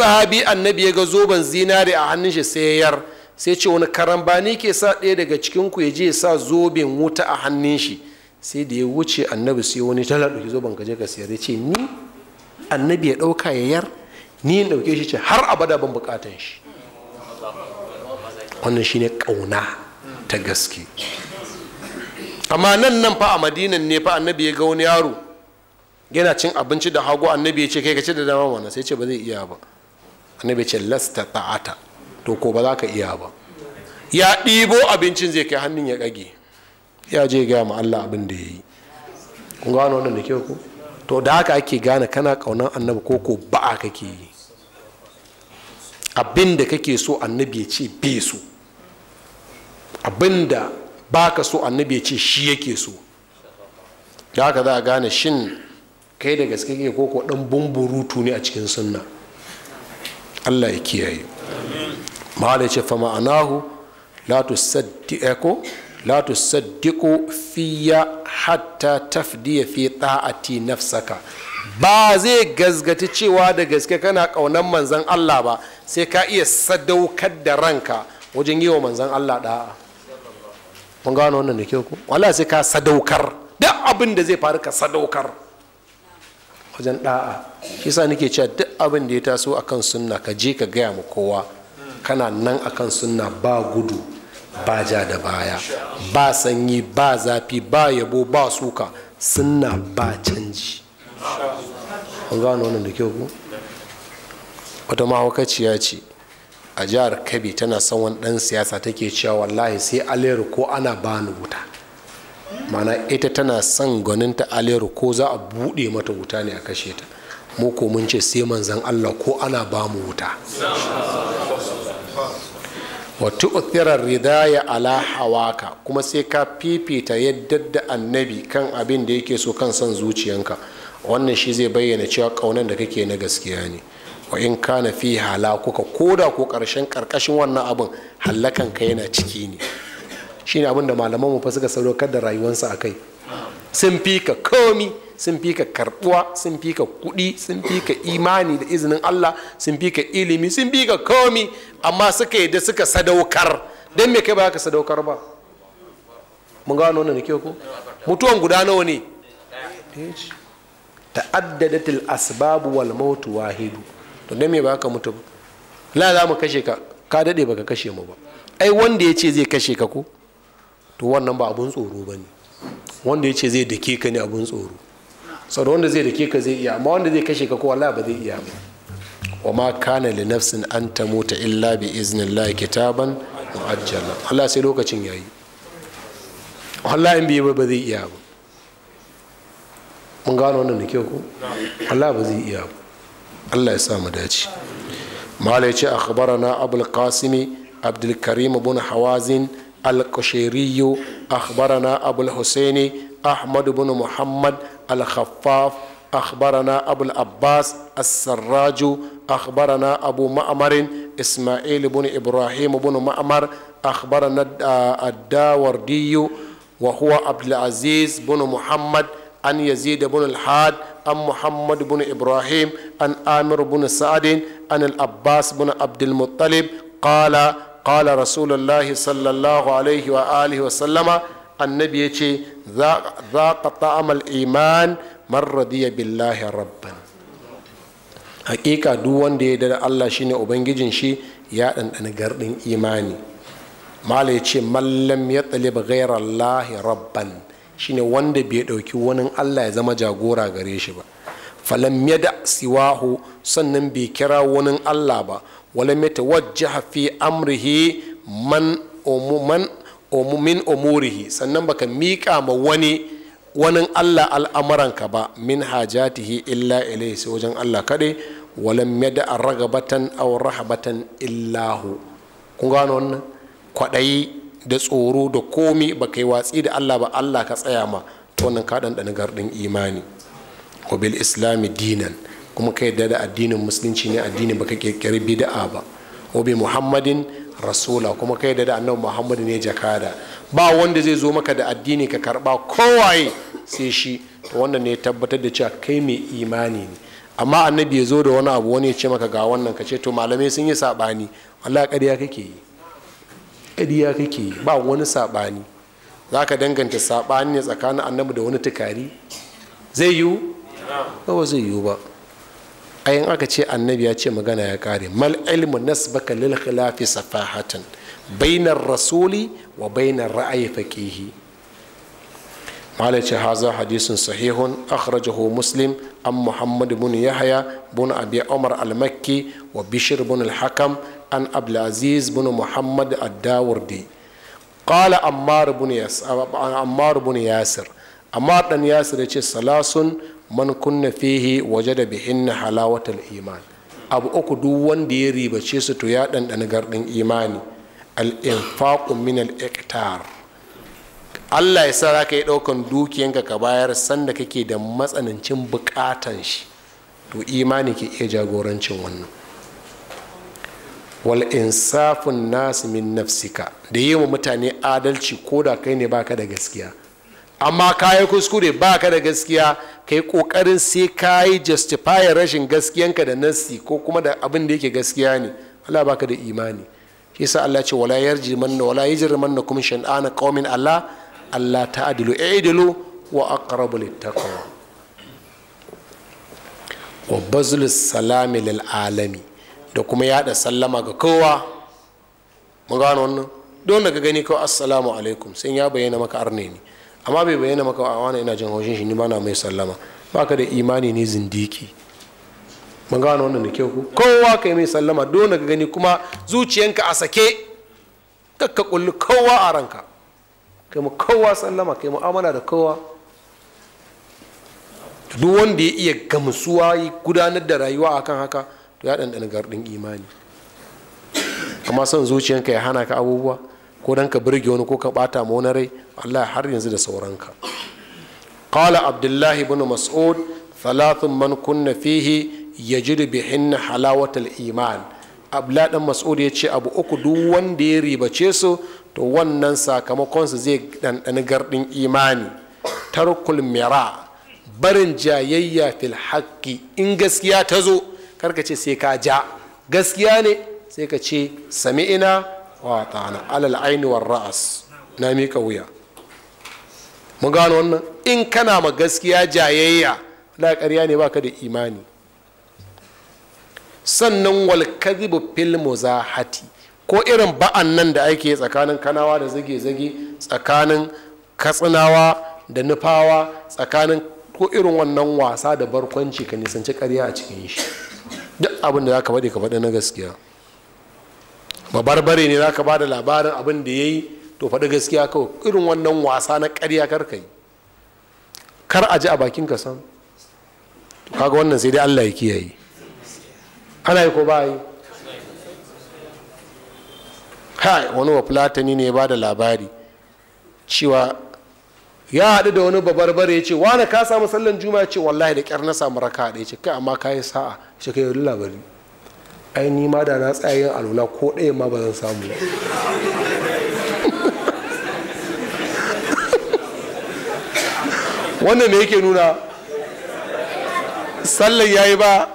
sahabi annabi ya ga zoben zinari a hannun shi sai yar sai ce wani karambani ke sa ɗaya daga cikin ku ya je sa zoben wuta a hannun shi sai da ya wuce annabi sai wani tala ɗauki zoben ka je ka sayar ce ni annabi ya ɗauka ya yar ni in ɗauke shi ce har abada ban buƙatan shi wannan shine ƙauna ta gaske amma nan nan fa a madinan ne fa annabi ya ga wani yaro yana cin abinci da hagu annabi ya ce kai ka ci da dama wannan sai ce ba zai iya ba annabi ce lasta ta'ata to ko ba za ka iya ba ya ɗibo abincin zai kai hannun ya ƙage ya je gaya ma Allah abin da ya yi kun gano wannan da kyau ko to da haka ake gane kana ƙaunar annabi ko ko ba a kake yi abin da kake so annabi ya ce be so abin da ka so annabi ya ce shi yake so da haka za a gane shin kai da gaske ke ko ko ɗan bumburutu ne a cikin sunna allah ya kiyaye mahala ce fa ma'anahu la tusaddiqu la fiya hatta tafdiya fi ta'ati nafsaka ba zai gazgati cewa da gaske kana kaunan manzan Allah ba sai ka iya sadaukar da ranka wajen yi wa manzan Allah da'a mun gano wannan da kyau ku? wallahi sai ka sadaukar duk abin da zai faru ka sadaukar wajen da'a shi sa nake cewa duk abin da ya taso akan sunna ka je ka gaya mu kowa kana nan akan sunna ba gudu ba ja da baya ba sanyi ba zafi ba yabo ba suka sunna ba canji an gano wannan da kyau ku wata mahaukaciya ce a jihar kabi tana son wani dan siyasa take cewa wallahi sai aleru ko ana bani wuta mana ita tana son gwaninta aleru ko za a buɗe mata wuta ne a kashe ta muku ko mun ce sai manzan Allah ko ana ba mu wuta wa uthirar ridaya ala hawaka kuma sai ka fifita yadda da annabi kan abin da yake so kan son zuciyanka wannan shi zai bayyana cewa kaunan da kake na gaskiya ne wa in na fi halakuka koda ko karshen karkashin wannan abin hallakan ka yana ciki ne shine abin da malaman mu fa suka sadaukar da rayuwarsa kai? sun fi ka komi sun fi ka karbuwa sun fi ka kuɗi sun fi ka imani da izinin Allah sun fi ka ilimi sun fi ka komi amma suka yi da suka sadaukar don me kai ba ka sadaukar ba mun gano wannan ke ko mutuwan guda nawa ne ta'addadatil asbab wal maut wahidu to don me ba ka mutu ba la za mu kashe ka ka dade baka kashe mu ba ai wanda ya ce zai kashe ka ko to wannan ba abun tsoro ba ne wanda ya ce zai dake ka ne abun tsoro sau da wanda zai dake ka zai iya amma wanda zai kashe ka ko ba zai iya ba wa ma kana li nafsin an tamuta illa bi iznillahi kitaban muajjala Allah sai lokacin yayi Allah in bai ba zai iya ba mun gano wannan da kyau ko Allah ba zai iya ba Allah ya sa mu dace mala ya ce akhbarana abul qasimi abdul karim hawazin al-qushayriyyu akhbarana abul husaini ahmad ibn muhammad الخفاف أخبرنا أبو العباس السراج أخبرنا أبو مأمر إسماعيل بن إبراهيم بن مأمر أخبرنا آه، الداوردي وهو عبد العزيز بن محمد أن يزيد بن الحاد أن محمد بن إبراهيم أن آمر بن سعد أن العباس بن عبد المطلب قال قال رسول الله صلى الله عليه وآله وسلم annabi ya ce za ka ta'amal iman marradiya billahi rabban hakika duk wanda ya dada Allah shi ne ubangijin shi ya ɗanɗana garɗin imani mala ya ce mallam ya gaira Allahi rabban shi ne wanda bai ɗauki wani Allah ya zama jagora gare shi ba falam da siwahu sannan bai kira wani Allah ba walam yatawajjaha fi amrihi man min umurihi sannan baka miƙa ma wani wani allah al'amuranka ba min hajatihi illa ilai sai wajen allah kaɗai walam yada a ragabatan aw rahabatan illahu kun gano wannan kwaɗayi da tsoro da komi ba yi watsi da allah ba allah ka tsaya ma ta wannan ka ɗanɗana gardin imani ko bil islami dinan kuma ka yarda da addinin musulunci ne addinin baka ƙirƙiri bida'a ba wabi muhammadin rasula kuma kai da annabi muhammadu ne jakada ba wanda zai zo maka da addini ka karba kowaye sai shi to wannan ne tabbatar da cewa kai mai imani ne amma annabi ya zo da wani abu wani ya ce maka ga wannan ka ce to malamai sun yi sabani wallahi ƙarya kake yi ƙarya kake yi ba wani saɓani za ka danganta saɓani ne tsakanin annabi da wani tukari zai yiwu ba zai yiwu ba ayin aka ce annabi ya ce magana ya kare mal ilmu nasbaka lil khilafi safahatan bainar rasuli wa bainar ra'ayi faqihi malai ce haza hadisin sahihun akhrajahu muslim an muhammad bin yahya bin abi umar al-makki wa bishir bin al-hakam an abdulaziz bin muhammad ad-dawardi قال Ammar بن Yasir Ammar بن Yasir عمار بن ياسر man kunna fihi waje da bihinna halawatal iman abu uku duk wanda ya ribace su to ya dandana garɗin imani al-infaqu min al-iqtar Allah ya sa za ka yi ɗaukan dukiyanka ka bayar sanda kake da matsanancin buƙatan shi to imani ke iya jagorancin wannan wal insafun nasu min nafsika da yi wa mutane adalci ko da kai ne baka da gaskiya amma kayan kuskure ba ka da gaskiya ka yi ƙoƙarin sai ka yi justifier rashin gaskiyanka da nasi ko kuma da abin da yake gaskiya ne allah baka da imani shi yasa allah ce wala yarji manna wala yajri manna kum shan'ana qaumin allah allah ta'dilu i'dilu wa aqrabu littaqwa wa bazlu salami lil alami da kuma yada sallama ga kowa mun gano wannan don daga gani ko assalamu alaikum sai ya bayyana maka arne ne amma bai bayyana maka a wani ina jin haushin shi ni ba na mai sallama baka da imani ne zindiki mun gano wannan da kyau ku kowa kai mai sallama dole ka gani kuma zuciyanka a sake kakka kulli kowa a ranka kai mu kowa sallama kai mu'amala da kowa duk wanda ya iya gamsuwa gudanar da rayuwa akan haka to ya ɗanɗana gardin imani amma son zuciyanka ya hana ka abubuwa ko dan ka birge wani ko ka bata ma wani rai Allah har yanzu da sauranka qala abdullahi ibn mas'ud thalathun man kunna fihi yajidu bihinna halawatal iman abla dan mas'ud ya ce abu uku duk wanda ya ribace su to wannan sakamakon su zai ɗanɗani garɗin imani tarkul mira barin jayayya fil haqqi in gaskiya ta zo karka ce sai ka ja gaskiya ne sai ka ce sami'ina wa alal aini war ra'as na mika wuya mun gano wannan in kana ma gaskiya jayayya la ƙarya ne baka da imani sannan wal kadhibu fil muzahati ko irin ba'an nan da ake tsakanin kanawa da zage-zage tsakanin katsinawa da nufawa tsakanin ko irin wannan wasa da barkwanci ka nisanci karya a cikin shi duk abin da za ka faɗi ka faɗi na gaskiya babarbare ne zaka ba da labarin abin da ya yi to faɗi gaskiya ka irin wannan wasa na ƙarya kar ka yi kar a ji a bakin ka san to kaga wannan sai dai allah ya kiyaye ana yi ko ba yi kai wani wa fulatani ne ya ba da labari cewa ya haɗu da wani babarbare ya ce wani ka samu sallan juma'a ce wallahi da ƙyar na samu raka ɗaya ce kai amma ka yi sa'a ce kai labari ai ni ma da na tsaya yin ko ɗaya ma ba zan samu Wanda ne yake nuna sallar yayi ba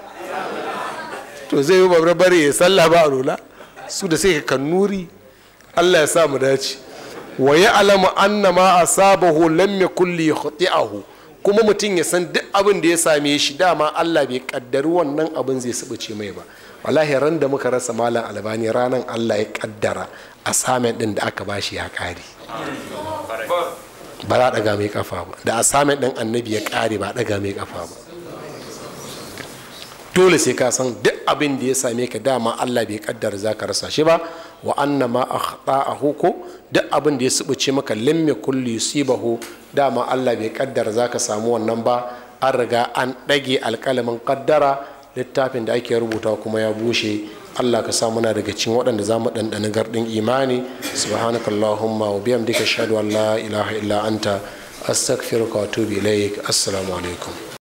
to zai yi babbar bare ya sallah ba alwala su da sai ka nuri, Allah ya sa mu dace wa ya alama annama asabahu lam yakun li khati'ahu kuma mutum ya san duk abin da ya same shi dama Allah bai kaddari wannan abin zai subuce mai ba wallahi ran da muka rasa malam albani ranan Allah ya kaddara assignment din da aka bashi ya kare ba za daga mai kafa ba da assignment din annabi ya kare ba daga mai kafa ba dole sai ka san duk abin da ya same ka dama Allah bai kaddara za ka rasa shi ba wa annama ma akhta'ahu ko duk abin da ya subuce maka lamme kulli bahu dama Allah bai kaddara zaka samu wannan ba an riga an ɗage alƙalamin kaddara littafin da ake rubuta kuma ya bushe Allah ka sa muna daga cikin waɗanda za mu ɗanɗana gardin imani subhanakallahumma wa bihamdika ashhadu an la ilaha illa anta astaghfiruka wa atubu ilaik assalamu alaikum